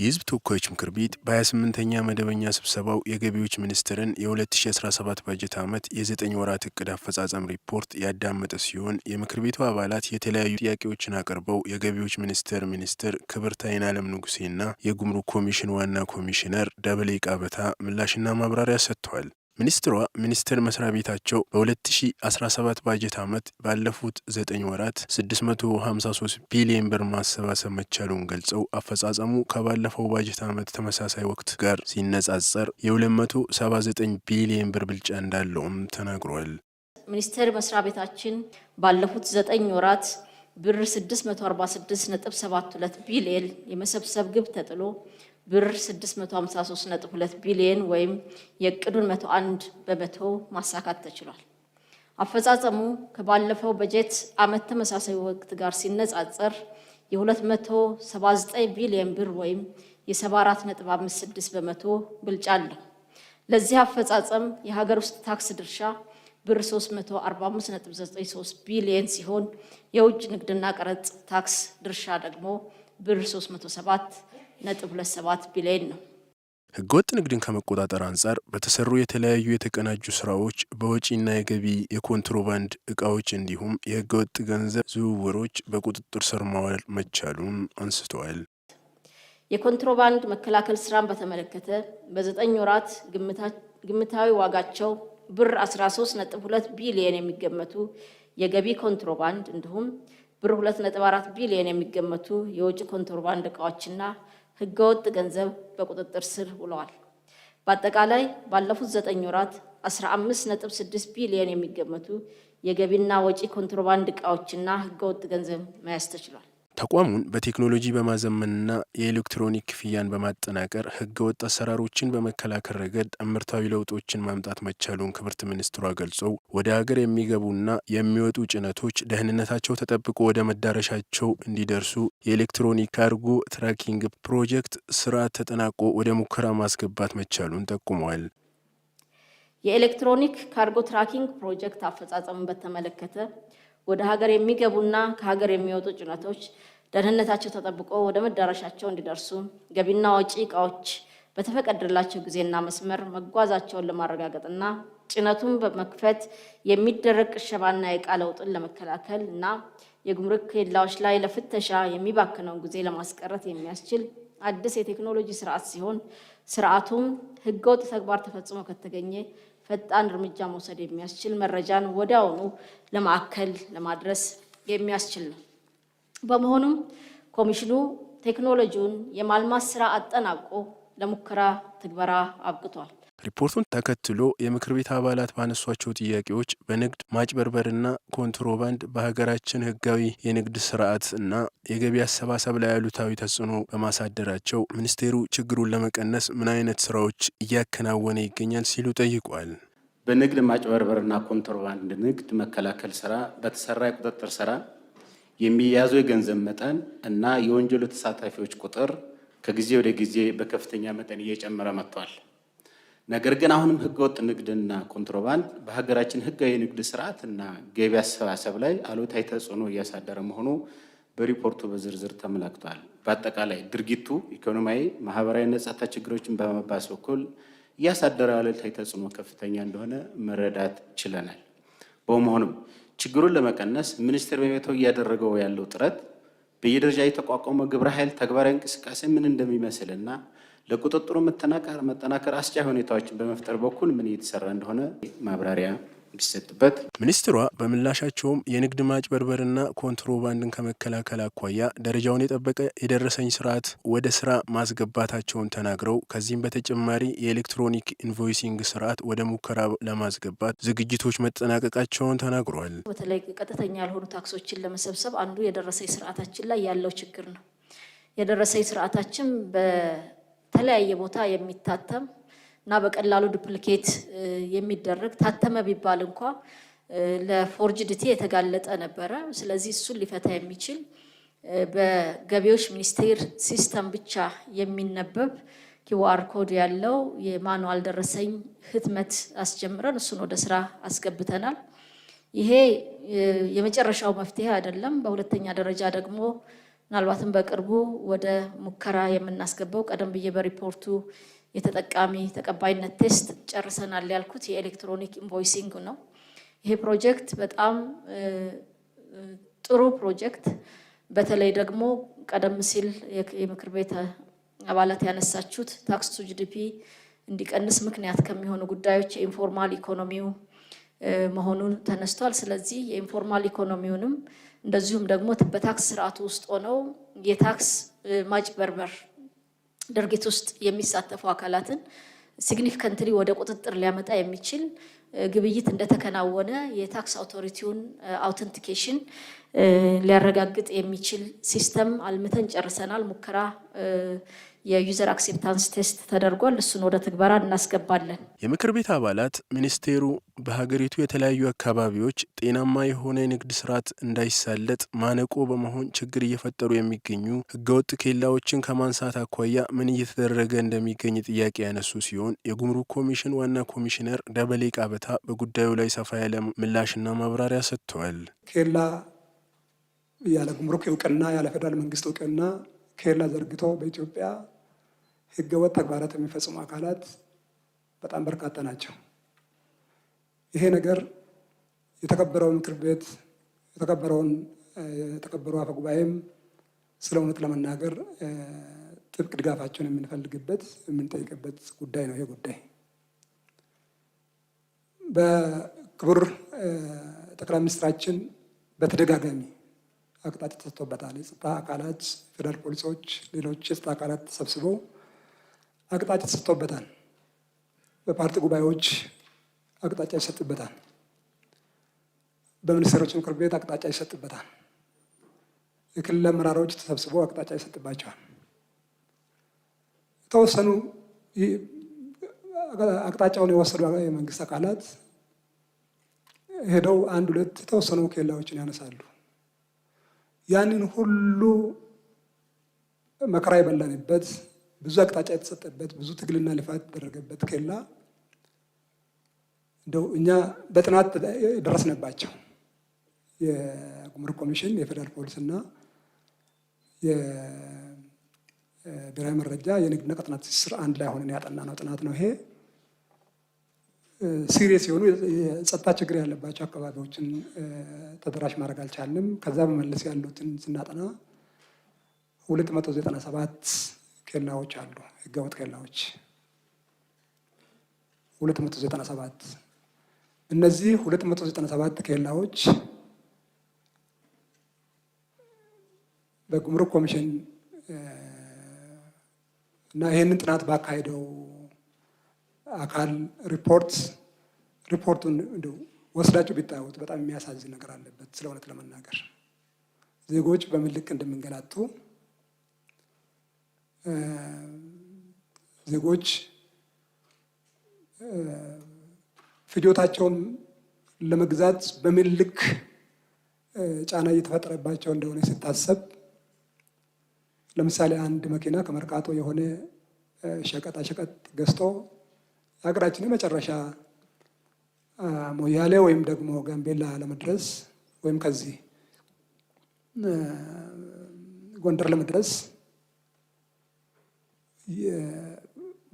የህዝብ ተወካዮች ምክር ቤት በ28ኛ መደበኛ ስብሰባው የገቢዎች ሚኒስቴርን የ2017 በጀት ዓመት የዘጠኝ ወራት እቅድ አፈጻጸም ሪፖርት ያዳመጠ ሲሆን የምክር ቤቱ አባላት የተለያዩ ጥያቄዎችን አቅርበው የገቢዎች ሚኒስቴር ሚኒስትር ክብርት አይናለም ንጉሴና የጉምሩክ ኮሚሽን ዋና ኮሚሽነር ደበሌ ቃበታ ምላሽና ማብራሪያ ሰጥተዋል። ሚኒስትሯ ሚኒስቴር መስሪያ ቤታቸው በ2017 ባጀት ዓመት ባለፉት ዘጠኝ ወራት 653 ቢሊዮን ብር ማሰባሰብ መቻሉን ገልጸው አፈጻጸሙ ከባለፈው ባጀት ዓመት ተመሳሳይ ወቅት ጋር ሲነጻጸር የ279 ቢሊዮን ብር ብልጫ እንዳለውም ተናግሯል። ሚኒስቴር መስሪያ ቤታችን ባለፉት ዘጠኝ ወራት ብር 646.72 ቢሊዮን የመሰብሰብ ግብ ተጥሎ ብር 653.2 ቢሊዮን ወይም የእቅዱን 101 በመቶ ማሳካት ተችሏል። አፈጻጸሙ ከባለፈው በጀት ዓመት ተመሳሳይ ወቅት ጋር ሲነጻጸር የ279 ቢሊዮን ብር ወይም የ74.56 በመቶ ብልጫ አለው። ለዚህ አፈጻጸም የሀገር ውስጥ ታክስ ድርሻ ብር 345.93 ቢሊዮን ሲሆን የውጭ ንግድና ቀረጥ ታክስ ድርሻ ደግሞ ብር 307 ነጥብ ሁለት ሰባት ቢሊዮን ነው። ህገወጥ ንግድን ከመቆጣጠር አንጻር በተሰሩ የተለያዩ የተቀናጁ ስራዎች በወጪና የገቢ የኮንትሮባንድ እቃዎች እንዲሁም የህገወጥ ገንዘብ ዝውውሮች በቁጥጥር ስር ማዋል መቻሉን አንስተዋል። የኮንትሮባንድ መከላከል ስራን በተመለከተ በዘጠኝ ወራት ግምታዊ ዋጋቸው ብር 13.2 ቢሊዮን የሚገመቱ የገቢ ኮንትሮባንድ እንዲሁም ብር 2.4 ቢሊዮን የሚገመቱ የውጭ ኮንትሮባንድ እቃዎችና ህገወጥ ገንዘብ በቁጥጥር ስር ውለዋል። በአጠቃላይ ባለፉት ዘጠኝ ወራት 15.6 ቢሊዮን የሚገመቱ የገቢና ወጪ ኮንትሮባንድ እቃዎችና ህገወጥ ገንዘብ መያዝ ተችሏል። ተቋሙን በቴክኖሎጂ በማዘመንና የኤሌክትሮኒክ ክፍያን በማጠናቀር ህገወጥ አሰራሮችን በመከላከል ረገድ እምርታዊ ለውጦችን ማምጣት መቻሉን ክብርት ሚኒስትሯ ገልጸው ወደ ሀገር የሚገቡና የሚወጡ ጭነቶች ደህንነታቸው ተጠብቆ ወደ መዳረሻቸው እንዲደርሱ የኤሌክትሮኒክ ካርጎ ትራኪንግ ፕሮጀክት ስርዓት ተጠናቆ ወደ ሙከራ ማስገባት መቻሉን ጠቁመዋል። የኤሌክትሮኒክ ካርጎ ትራኪንግ ፕሮጀክት አፈጻጸምን በተመለከተ ወደ ሀገር የሚገቡና ከሀገር የሚወጡ ጭነቶች ደህንነታቸው ተጠብቆ ወደ መዳረሻቸው እንዲደርሱ ገቢና ወጪ እቃዎች በተፈቀደላቸው ጊዜና መስመር መጓዛቸውን ለማረጋገጥና ጭነቱን በመክፈት የሚደረግ ቅሸባና የዕቃ ለውጥን ለመከላከል እና የጉምሩክ ኬላዎች ላይ ለፍተሻ የሚባክነውን ጊዜ ለማስቀረት የሚያስችል አዲስ የቴክኖሎጂ ስርዓት ሲሆን ስርዓቱም ህገወጥ ተግባር ተፈጽሞ ከተገኘ ፈጣን እርምጃ መውሰድ የሚያስችል መረጃን ወዲያውኑ ለማዕከል ለማድረስ የሚያስችል ነው። በመሆኑም ኮሚሽኑ ቴክኖሎጂውን የማልማት ስራ አጠናቆ ለሙከራ ትግበራ አብቅቷል። ሪፖርቱን ተከትሎ የምክር ቤት አባላት ባነሷቸው ጥያቄዎች በንግድ ማጭበርበርና ኮንትሮባንድ በሀገራችን ህጋዊ የንግድ ስርዓት እና የገቢ አሰባሰብ ላይ አሉታዊ ተጽዕኖ በማሳደራቸው ሚኒስቴሩ ችግሩን ለመቀነስ ምን አይነት ስራዎች እያከናወነ ይገኛል ሲሉ ጠይቋል። በንግድ ማጭበርበርና ኮንትሮባንድ ንግድ መከላከል ስራ በተሰራ የቁጥጥር ስራ የሚያዙ የገንዘብ መጠን እና የወንጀሉ ተሳታፊዎች ቁጥር ከጊዜ ወደ ጊዜ በከፍተኛ መጠን እየጨመረ መጥቷል። ነገር ግን አሁንም ህገወጥ ንግድና ኮንትሮባንድ በሀገራችን ህጋዊ ንግድ ስርዓት እና ገቢ አሰባሰብ ላይ አሉታዊ ተጽዕኖ እያሳደረ መሆኑ በሪፖርቱ በዝርዝር ተመላክቷል። በአጠቃላይ ድርጊቱ ኢኮኖሚያዊ፣ ማህበራዊ ነጻታ ችግሮችን በመባስ በኩል እያሳደረ አሉታዊ ተጽዕኖ ከፍተኛ እንደሆነ መረዳት ችለናል። በመሆኑም ችግሩን ለመቀነስ ሚኒስቴር በሚመራው እያደረገው ያለው ጥረት በየደረጃ የተቋቋመ ግብረ ኃይል ተግባራዊ እንቅስቃሴ ምን እንደሚመስልና ለቁጥጥሩ መጠናከር አስቻይ ሁኔታዎችን በመፍጠር በኩል ምን እየተሰራ እንደሆነ ማብራሪያ ቢሰጥበት። ሚኒስትሯ በምላሻቸውም የንግድ ማጭበርበርና ኮንትሮባንድን ከመከላከል አኳያ ደረጃውን የጠበቀ የደረሰኝ ስርዓት ወደ ስራ ማስገባታቸውን ተናግረው ከዚህም በተጨማሪ የኤሌክትሮኒክ ኢንቮይሲንግ ስርዓት ወደ ሙከራ ለማስገባት ዝግጅቶች መጠናቀቃቸውን ተናግሯል። በተለይ ቀጥተኛ ያልሆኑ ታክሶችን ለመሰብሰብ አንዱ የደረሰኝ ስርዓታችን ላይ ያለው ችግር ነው። የደረሰኝ ስርዓታችን በተለያየ ቦታ የሚታተም እና በቀላሉ ዱፕሊኬት የሚደረግ ታተመ ቢባል እንኳ ለፎርጅድቲ የተጋለጠ ነበረ። ስለዚህ እሱን ሊፈታ የሚችል በገቢዎች ሚኒስቴር ሲስተም ብቻ የሚነበብ ኪዋር ኮድ ያለው የማኑዋል ደረሰኝ ህትመት አስጀምረን እሱን ወደ ስራ አስገብተናል። ይሄ የመጨረሻው መፍትሄ አይደለም። በሁለተኛ ደረጃ ደግሞ ምናልባትም በቅርቡ ወደ ሙከራ የምናስገባው ቀደም ብዬ በሪፖርቱ የተጠቃሚ ተቀባይነት ቴስት ጨርሰናል ያልኩት የኤሌክትሮኒክ ኢንቮይሲንግ ነው። ይሄ ፕሮጀክት በጣም ጥሩ ፕሮጀክት፣ በተለይ ደግሞ ቀደም ሲል የምክር ቤት አባላት ያነሳችሁት ታክስ ቱ ጂዲፒ እንዲቀንስ ምክንያት ከሚሆኑ ጉዳዮች የኢንፎርማል ኢኮኖሚው መሆኑን ተነስቷል። ስለዚህ የኢንፎርማል ኢኮኖሚውንም እንደዚሁም ደግሞ በታክስ ስርዓቱ ውስጥ ሆነው የታክስ ማጭበርበር ድርጊት ውስጥ የሚሳተፉ አካላትን ሲግኒፊካንትሊ ወደ ቁጥጥር ሊያመጣ የሚችል ግብይት እንደተከናወነ የታክስ አውቶሪቲውን አውተንቲኬሽን ሊያረጋግጥ የሚችል ሲስተም አልምተን ጨርሰናል። ሙከራ የዩዘር አክሴፕታንስ ቴስት ተደርጓል። እሱን ወደ ትግበራ እናስገባለን። የምክር ቤት አባላት ሚኒስቴሩ በሀገሪቱ የተለያዩ አካባቢዎች ጤናማ የሆነ የንግድ ስርዓት እንዳይሳለጥ ማነቆ በመሆን ችግር እየፈጠሩ የሚገኙ ህገወጥ ኬላዎችን ከማንሳት አኳያ ምን እየተደረገ እንደሚገኝ ጥያቄ ያነሱ ሲሆን የጉምሩክ ኮሚሽን ዋና ኮሚሽነር ደበሌ ቃበታ በጉዳዩ ላይ ሰፋ ያለ ምላሽና ማብራሪያ ሰጥተዋል። ኬላ ያለ ጉምሩክ እውቅና ያለ ፌደራል መንግስት እውቅና ኬላ ዘርግቶ በኢትዮጵያ ህገወጥ ተግባራት የሚፈጽሙ አካላት በጣም በርካታ ናቸው። ይሄ ነገር የተከበረው ምክር ቤት የተከበረውን የተከበረው አፈ ጉባኤም ስለ እውነት ለመናገር ጥብቅ ድጋፋቸውን የምንፈልግበት የምንጠይቅበት ጉዳይ ነው። ይሄ ጉዳይ በክቡር ጠቅላይ ሚኒስትራችን በተደጋጋሚ አቅጣጫ ተሰጥቶበታል። የጸጥታ አካላት፣ ፌደራል ፖሊሶች፣ ሌሎች የጸጥታ አካላት ተሰብስበው አቅጣጫ ተሰጥቶበታል። በፓርቲ ጉባኤዎች አቅጣጫ ይሰጥበታል። በሚኒስትሮች ምክር ቤት አቅጣጫ ይሰጥበታል። የክልል አመራሮች ተሰብስበው አቅጣጫ ይሰጥባቸዋል። የተወሰኑ አቅጣጫውን የወሰዱ የመንግስት አካላት ሄደው አንድ ሁለት የተወሰኑ ኬላዎችን ያነሳሉ። ያንን ሁሉ መከራ የበላንበት ብዙ አቅጣጫ የተሰጠበት ብዙ ትግልና ልፋት የተደረገበት ኬላ እንደው እኛ በጥናት ደረስነባቸው። የጉምሩክ ኮሚሽን፣ የፌዴራል ፖሊስና የብሔራዊ መረጃ የንግድና ቀጠና ትስስር አንድ ላይ ሆነን ያጠናነው ጥናት ነው ይሄ። ሲሪየስ የሆኑ የጸጥታ ችግር ያለባቸው አካባቢዎችን ተደራሽ ማድረግ አልቻልንም። ከዛ በመለስ ያሉትን ስናጠና ሁለት መቶ ዘጠና ሰባት ኬላዎች አሉ፣ ህገወጥ ኬላዎች 297 እነዚህ 297 መቶ ኬላዎች በጉምሩክ ኮሚሽን እና ይህንን ጥናት ባካሄደው አካል ሪፖርት ሪፖርቱን እንደው ወስዳችሁ ቢታዩት በጣም የሚያሳዝን ነገር አለበት። ስለ እውነት ለመናገር ዜጎች በምን ልክ እንደምንገላቱ ዜጎች ፍጆታቸውን ለመግዛት በምን ልክ ጫና እየተፈጠረባቸው እንደሆነ ሲታሰብ ለምሳሌ አንድ መኪና ከመርካቶ የሆነ ሸቀጣ ሸቀጥ ገዝቶ ሀገራችን የመጨረሻ ሞያሌ ወይም ደግሞ ጋምቤላ ለመድረስ ወይም ከዚህ ጎንደር ለመድረስ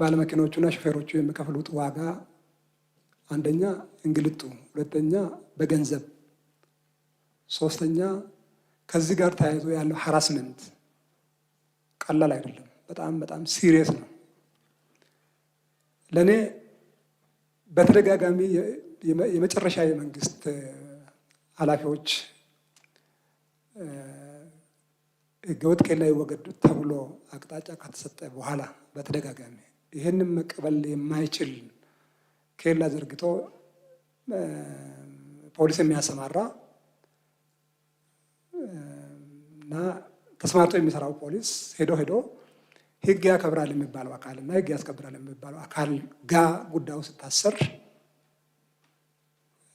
ባለመኪናዎቹና ሾፌሮቹ የሚከፍሉት ዋጋ አንደኛ እንግልቱ፣ ሁለተኛ በገንዘብ፣ ሶስተኛ ከዚህ ጋር ተያይዞ ያለው ሀራስመንት ቀላል አይደለም። በጣም በጣም ሲሪየስ ነው። ለእኔ በተደጋጋሚ የመጨረሻ የመንግስት ኃላፊዎች ህገወጥ ኬላ ላይ ይወገድ ተብሎ አቅጣጫ ከተሰጠ በኋላ በተደጋጋሚ ይህንም መቀበል የማይችል ኬላ ዘርግቶ ፖሊስ የሚያሰማራ እና ተስማርቶ የሚሰራው ፖሊስ ሄዶ ሄዶ ህግ ያከብራል የሚባለው አካል እና ህግ ያስከብራል የሚባለው አካል ጋ ጉዳዩ ስታሰር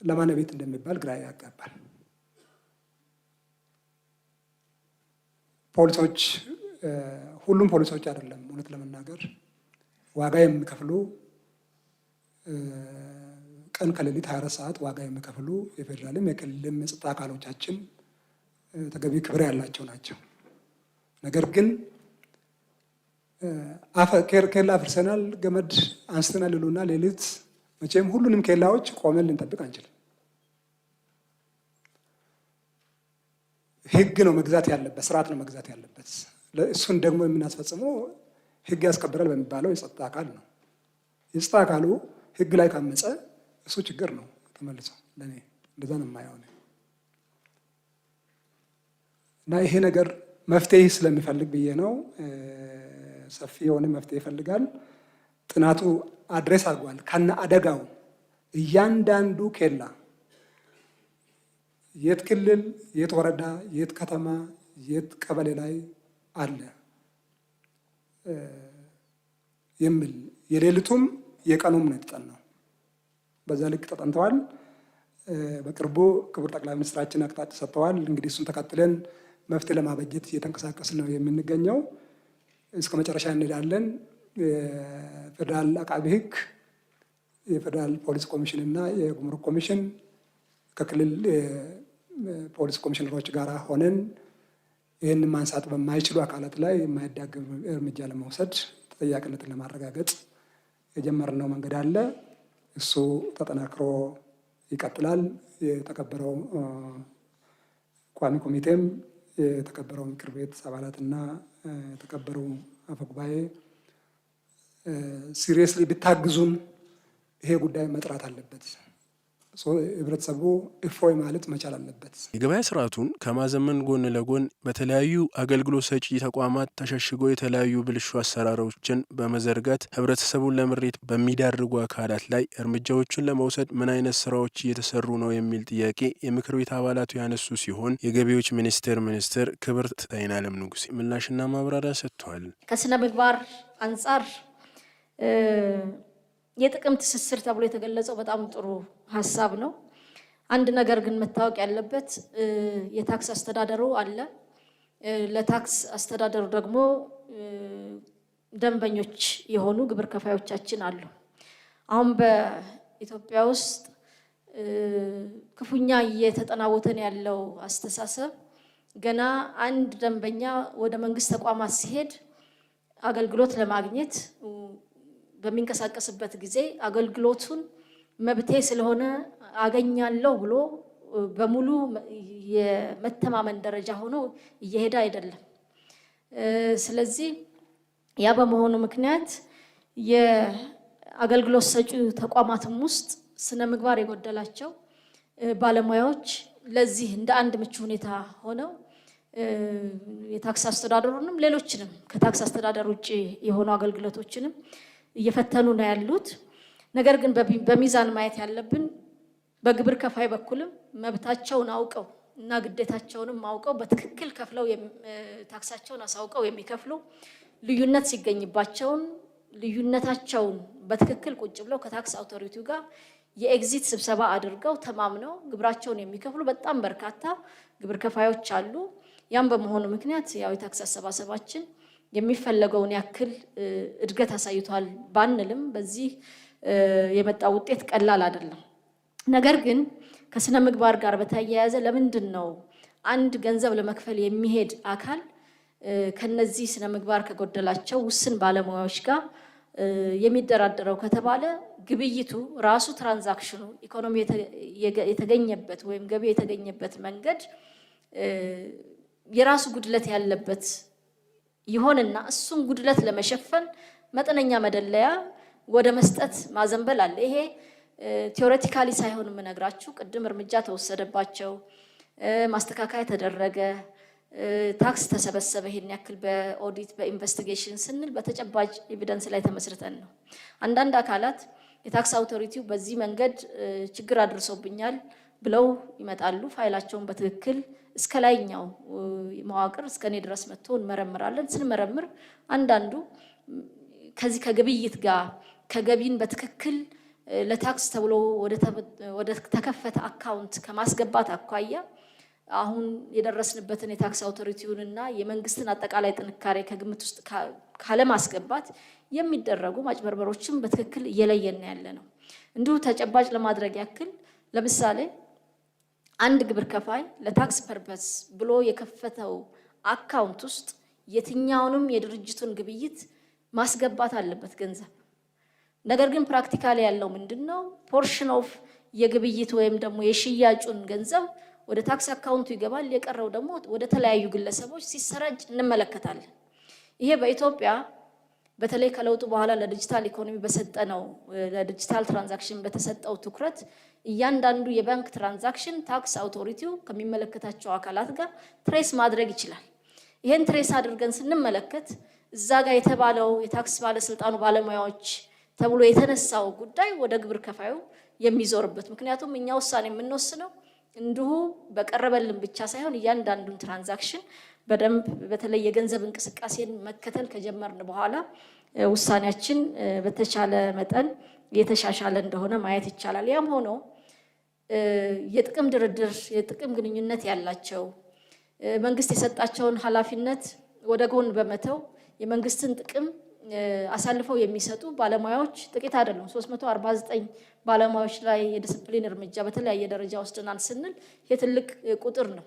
ለማን ቤት እንደሚባል ግራ ያጋባል። ፖሊሶች ሁሉም ፖሊሶች አይደለም፣ እውነት ለመናገር ዋጋ የሚከፍሉ ቀን ከሌሊት 24 ሰዓት ዋጋ የሚከፍሉ የፌዴራልም የክልልም የጸጥታ አካሎቻችን ተገቢ ክብር ያላቸው ናቸው። ነገር ግን ኬላ አፍርሰናል፣ ገመድ አንስተናል ይሉና ሌሊት መቼም ሁሉንም ኬላዎች ቆመን ልንጠብቅ አንችልም። ህግ ነው መግዛት ያለበት፣ ስርዓት ነው መግዛት ያለበት። እሱን ደግሞ የምናስፈጽመው ህግ ያስከብራል በሚባለው የጸጥታ አካል ነው። የጸጥታ አካሉ ህግ ላይ ካመፀ እሱ ችግር ነው። ተመልሶ ለእኔ እንደዛ ነው የማየው እና ይሄ ነገር መፍትሄ ስለሚፈልግ ብዬ ነው። ሰፊ የሆነ መፍትሄ ይፈልጋል። ጥናቱ አድሬስ አድርጓል ከነ አደጋው እያንዳንዱ ኬላ የት ክልል፣ የት ወረዳ፣ የት ከተማ፣ የት ቀበሌ ላይ አለ የሚል የሌሊቱም የቀኑም ነው የተጠናው። በዛ ልክ ተጠንተዋል። በቅርቡ ክቡር ጠቅላይ ሚኒስትራችን አቅጣጫ ሰጥተዋል። እንግዲህ እሱን ተከትለን መፍትሄ ለማበጀት እየተንቀሳቀስ ነው የምንገኘው። እስከ መጨረሻ እንሄዳለን። የፌዴራል አቃቢ ህግ የፌዴራል ፖሊስ ኮሚሽን እና የጉምሩክ ኮሚሽን ከክልል ፖሊስ ኮሚሽነሮች ጋር ሆነን ይህን ማንሳት በማይችሉ አካላት ላይ የማይዳግም እርምጃ ለመውሰድ ተጠያቂነትን ለማረጋገጥ የጀመርነው መንገድ አለ። እሱ ተጠናክሮ ይቀጥላል። የተከበረው ቋሚ ኮሚቴም የተከበረው ምክር ቤት አባላትና የተከበረው አፈጉባኤ ሲሪየስሊ ቢታግዙን ይሄ ጉዳይ መጥራት አለበት። ህብረተሰቡ እፎይ ማለት መቻል አለበት። የገበያ ስርዓቱን ከማዘመን ጎን ለጎን በተለያዩ አገልግሎት ሰጪ ተቋማት ተሸሽጎ የተለያዩ ብልሹ አሰራሮችን በመዘርጋት ህብረተሰቡን ለምሬት በሚዳርጉ አካላት ላይ እርምጃዎችን ለመውሰድ ምን አይነት ስራዎች እየተሰሩ ነው የሚል ጥያቄ የምክር ቤት አባላቱ ያነሱ ሲሆን የገቢዎች ሚኒስቴር ሚኒስትር ክብርት አይናለም ንጉሴ ምላሽና ማብራሪያ ሰጥቷል። ከስነ ምግባር አንጻር የጥቅም ትስስር ተብሎ የተገለጸው በጣም ጥሩ ሀሳብ ነው። አንድ ነገር ግን መታወቅ ያለበት የታክስ አስተዳደሩ አለ። ለታክስ አስተዳደሩ ደግሞ ደንበኞች የሆኑ ግብር ከፋዮቻችን አሉ። አሁን በኢትዮጵያ ውስጥ ክፉኛ እየተጠናወተን ያለው አስተሳሰብ ገና አንድ ደንበኛ ወደ መንግስት ተቋማት ሲሄድ አገልግሎት ለማግኘት በሚንቀሳቀስበት ጊዜ አገልግሎቱን መብቴ ስለሆነ አገኛለሁ ብሎ በሙሉ የመተማመን ደረጃ ሆኖ እየሄደ አይደለም። ስለዚህ ያ በመሆኑ ምክንያት የአገልግሎት ሰጪ ተቋማትም ውስጥ ስነ ምግባር የጎደላቸው ባለሙያዎች ለዚህ እንደ አንድ ምቹ ሁኔታ ሆነው የታክስ አስተዳደሩንም ሌሎችንም ከታክስ አስተዳደር ውጭ የሆኑ አገልግሎቶችንም እየፈተኑ ነው ያሉት። ነገር ግን በሚዛን ማየት ያለብን በግብር ከፋይ በኩልም መብታቸውን አውቀው እና ግዴታቸውንም አውቀው በትክክል ከፍለው ታክሳቸውን አሳውቀው የሚከፍሉ ልዩነት ሲገኝባቸውን ልዩነታቸውን በትክክል ቁጭ ብለው ከታክስ አውቶሪቲው ጋር የኤግዚት ስብሰባ አድርገው ተማምነው ግብራቸውን የሚከፍሉ በጣም በርካታ ግብር ከፋዮች አሉ። ያም በመሆኑ ምክንያት ያው የታክስ አሰባሰባችን የሚፈለገውን ያክል እድገት አሳይቷል ባንልም በዚህ የመጣ ውጤት ቀላል አይደለም። ነገር ግን ከስነ ምግባር ጋር በተያያዘ ለምንድን ነው አንድ ገንዘብ ለመክፈል የሚሄድ አካል ከነዚህ ስነ ምግባር ከጎደላቸው ውስን ባለሙያዎች ጋር የሚደራደረው ከተባለ ግብይቱ ራሱ ትራንዛክሽኑ ኢኮኖሚ የተገኘበት ወይም ገቢ የተገኘበት መንገድ የራሱ ጉድለት ያለበት ይሆንና እሱን ጉድለት ለመሸፈን መጠነኛ መደለያ ወደ መስጠት ማዘንበል አለ። ይሄ ቴዎሬቲካሊ ሳይሆን የምነግራችሁ ቅድም እርምጃ ተወሰደባቸው፣ ማስተካከያ ተደረገ፣ ታክስ ተሰበሰበ፣ ይሄን ያክል በኦዲት በኢንቨስቲጌሽን ስንል በተጨባጭ ኤቪደንስ ላይ ተመስርተን ነው። አንዳንድ አካላት የታክስ አውቶሪቲው በዚህ መንገድ ችግር አድርሶብኛል ብለው ይመጣሉ። ፋይላቸውን በትክክል እስከ ላይኛው መዋቅር እስከ እኔ ድረስ መጥቶ እንመረምራለን። ስንመረምር አንዳንዱ ከዚህ ከግብይት ጋር ከገቢን በትክክል ለታክስ ተብሎ ወደ ተከፈተ አካውንት ከማስገባት አኳያ አሁን የደረስንበትን የታክስ አውቶሪቲውን እና የመንግስትን አጠቃላይ ጥንካሬ ከግምት ውስጥ ካለማስገባት የሚደረጉ ማጭበርበሮችን በትክክል እየለየን ያለ ነው። እንዲሁ ተጨባጭ ለማድረግ ያክል ለምሳሌ አንድ ግብር ከፋይ ለታክስ ፐርፐስ ብሎ የከፈተው አካውንት ውስጥ የትኛውንም የድርጅቱን ግብይት ማስገባት አለበት ገንዘብ። ነገር ግን ፕራክቲካሊ ያለው ምንድን ነው? ፖርሽን ኦፍ የግብይት ወይም ደግሞ የሽያጩን ገንዘብ ወደ ታክስ አካውንቱ ይገባል። የቀረው ደግሞ ወደ ተለያዩ ግለሰቦች ሲሰራጭ እንመለከታለን። ይሄ በኢትዮጵያ በተለይ ከለውጡ በኋላ ለዲጂታል ኢኮኖሚ በሰጠነው ለዲጂታል ትራንዛክሽን በተሰጠው ትኩረት እያንዳንዱ የባንክ ትራንዛክሽን ታክስ አውቶሪቲው ከሚመለከታቸው አካላት ጋር ትሬስ ማድረግ ይችላል። ይህን ትሬስ አድርገን ስንመለከት እዛ ጋር የተባለው የታክስ ባለስልጣኑ ባለሙያዎች ተብሎ የተነሳው ጉዳይ ወደ ግብር ከፋዩ የሚዞርበት ምክንያቱም እኛ ውሳኔ የምንወስነው እንዲሁ በቀረበልን ብቻ ሳይሆን እያንዳንዱን ትራንዛክሽን በደንብ በተለይ የገንዘብ እንቅስቃሴን መከተል ከጀመርን በኋላ ውሳኔያችን በተቻለ መጠን የተሻሻለ እንደሆነ ማየት ይቻላል። ያም ሆኖ የጥቅም ድርድር፣ የጥቅም ግንኙነት ያላቸው መንግስት የሰጣቸውን ኃላፊነት ወደ ጎን በመተው የመንግስትን ጥቅም አሳልፈው የሚሰጡ ባለሙያዎች ጥቂት አይደሉም። 349 ባለሙያዎች ላይ የዲስፕሊን እርምጃ በተለያየ ደረጃ ወስደናል ስንል ይህ ትልቅ ቁጥር ነው።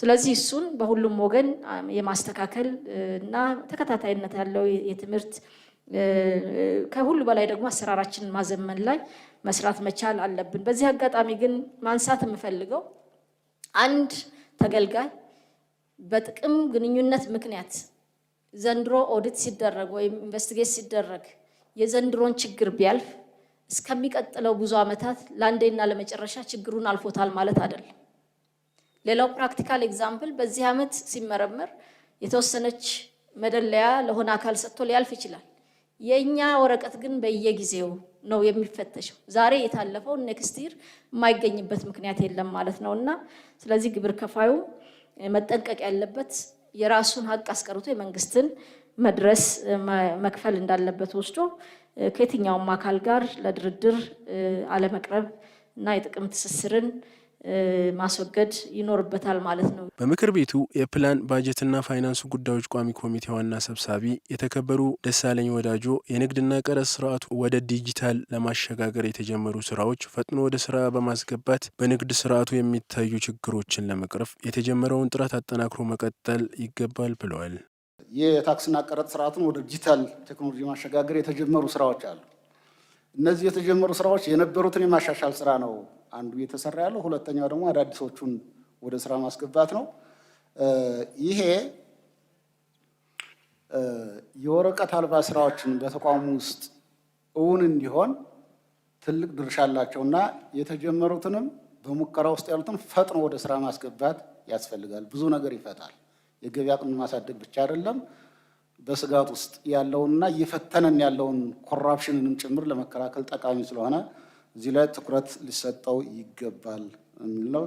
ስለዚህ እሱን በሁሉም ወገን የማስተካከል እና ተከታታይነት ያለው የትምህርት ከሁሉ በላይ ደግሞ አሰራራችንን ማዘመን ላይ መስራት መቻል አለብን። በዚህ አጋጣሚ ግን ማንሳት የምፈልገው አንድ ተገልጋይ በጥቅም ግንኙነት ምክንያት ዘንድሮ ኦዲት ሲደረግ ወይም ኢንቨስቲጌት ሲደረግ የዘንድሮን ችግር ቢያልፍ እስከሚቀጥለው ብዙ ዓመታት ለአንዴና ለመጨረሻ ችግሩን አልፎታል ማለት አይደለም። ሌላው ፕራክቲካል ኤግዛምፕል በዚህ ዓመት ሲመረመር የተወሰነች መደለያ ለሆነ አካል ሰጥቶ ሊያልፍ ይችላል። የእኛ ወረቀት ግን በየጊዜው ነው የሚፈተሸው። ዛሬ የታለፈው ኔክስትር የማይገኝበት ምክንያት የለም ማለት ነው እና ስለዚህ ግብር ከፋዩ መጠንቀቅ ያለበት የራሱን ሀቅ አስቀርቶ የመንግስትን መድረስ መክፈል እንዳለበት ወስዶ ከየትኛውም አካል ጋር ለድርድር አለመቅረብ እና የጥቅም ትስስርን ማስወገድ ይኖርበታል ማለት ነው። በምክር ቤቱ የፕላን ባጀትና ፋይናንሱ ጉዳዮች ቋሚ ኮሚቴ ዋና ሰብሳቢ የተከበሩ ደሳለኝ ወዳጆ የንግድና ቀረጥ ስርዓቱ ወደ ዲጂታል ለማሸጋገር የተጀመሩ ስራዎች ፈጥኖ ወደ ስራ በማስገባት በንግድ ስርዓቱ የሚታዩ ችግሮችን ለመቅረፍ የተጀመረውን ጥረት አጠናክሮ መቀጠል ይገባል ብለዋል። የታክስና ቀረጥ ስርዓቱን ወደ ዲጂታል ቴክኖሎጂ ማሸጋገር የተጀመሩ ስራዎች አሉ። እነዚህ የተጀመሩ ስራዎች የነበሩትን የማሻሻል ስራ ነው አንዱ እየተሰራ ያለው፣ ሁለተኛው ደግሞ አዳዲሶቹን ወደ ስራ ማስገባት ነው። ይሄ የወረቀት አልባ ስራዎችን በተቋሙ ውስጥ እውን እንዲሆን ትልቅ ድርሻ አላቸው እና የተጀመሩትንም በሙከራ ውስጥ ያሉትን ፈጥኖ ወደ ስራ ማስገባት ያስፈልጋል። ብዙ ነገር ይፈታል። የገቢ አቅም ማሳደግ ብቻ አይደለም፣ በስጋት ውስጥ ያለውንና እየፈተነን ያለውን ኮራፕሽንንም ጭምር ለመከላከል ጠቃሚ ስለሆነ እዚህ ላይ ትኩረት ሊሰጠው ይገባል የሚል ነው።